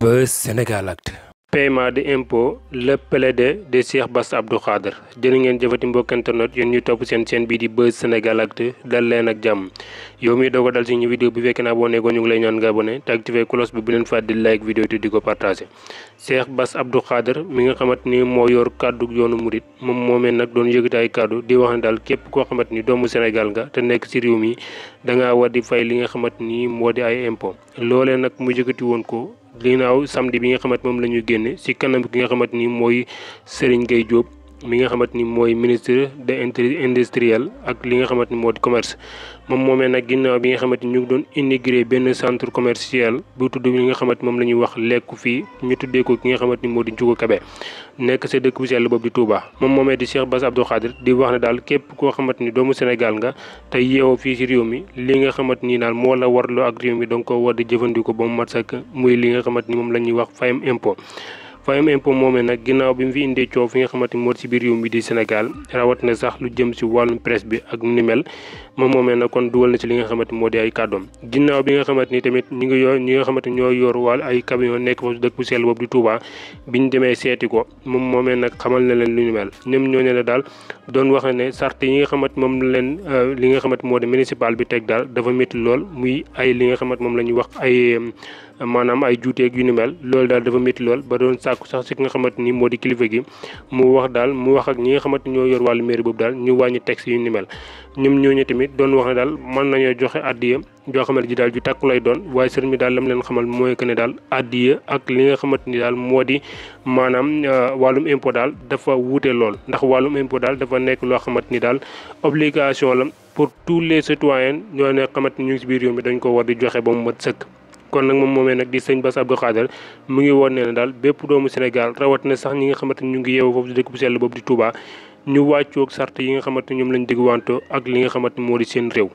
Buzz Sénégal Actu paiement de impôt le plaidé de Cheikh Bass Abdou Khadre jërë ngeen jëfati mbokk internet yéen ñu topp seen chaîne bii di Buzz Sénégal Actu dal leen ak jàmm yow mii doo ko dal suñu vidéo bi fekk na abonné ko ñu ngi lay ñaan nga abonné te activé cloche bi bu leen fàtte di like vidéo te di ko partagé Cheikh Bass Abdou Khadre mi nga xamante ni moo yor kàddu yoonu murit moom moomee nag doon yëkkati ay kàddu di wax ne daal képp koo xamante ni doomu senegal nga te nekk ci réew mi da ngaa fay li nga xamante ni moo di ay impôt loolee nag mu yëkkati woon ko ginnaaw samedi bi nga xamante moom la ñuy génne si kanam ki nga xamante ni mooy Serigne Gueye Diop mi nga xamante ni mooy ministre de industriel ak li nga xamante ni moo di commerce moom moomee nag ginnaaw bi nga xamante ni ñu ngi doon indigré benn centre commercial bu tudd li nga xamante moom la ñuy wax lekku fii ñu tuddee ko ki nga xamante ni moo di Ndiouga Kébé nekk sa dëkk bu sell boobu di Touba moom moomee di Cheikh Bass Abdou Khadir di wax ne daal képp ko xamante ni doomu Sénégal nga te yeewoo fii si réew mi li nga xamante ni daal moo la warloo ak réew mi danga ko di jëfandikoo ba mu mat muy li nga xamante ni moom la ñuy wax fayam impôt fayum impôt moomee nag ginnaaw bi mu fi indee coow fi nga xamante ni moo ci biir réew na sax lu jëm ci moom moomee na ci li nga xamante ni moo di ay kàddoom ginnaaw bi nga xamante ni tamit ñi ngi yor ñi xamante ni ñoo yor wàll ay camion nekk fa dëkk bu sell boobu di Touba seeti ko moom moomee nag xamal na leen lu ñu mel ñoom ñoo ne la daal doon wax ne sart yi nga xamante moom leen euh, li nga xamante moo di municipal bi teg daal dafa métti lool muy ay li nga xamante moom la ñuy wax ay maanaam ay juuteeg yu ni mel loolu daal dafa métti lool ba doon sàkk sax si ki nga xamante ni moo di kilifa gi mu wax daal mu wax ak ñi nga xamante ñoo yor wàllu mairie boobu daal ñu wàññi texte yu ni mel ñoo ñooñu tamit doon wax ne daal man nañoo joxe addiya joo xamante ji daal ju tàkku lay doon waaye sëriñ bi daal lam leen xamal mooy que ne daal addiya ak li nga xamante ni daal moo di maanaam euh, wàllum impôt daal dafa wuute lool ndax wàllum impôt daal dafa nekk loo xamante ni daal obligation la pour tous les citoyens ñoo ne xamante ñu si biir réew mi dañ ko war di joxe ba mu mat sëkk kon nag moom moomee nag di sëñ Bass Abdou Khader mu ngi woon ne ne daal bépp doomu Sénégal rawatina sax ñi nga xamante ni ñu ngi yeewoo foofu di dëkk bu sell boobu di Touba ñu wàccoog sart yi nga xamante ni ñoom lañ dégg wanto ak li nga xamante moo di seen réew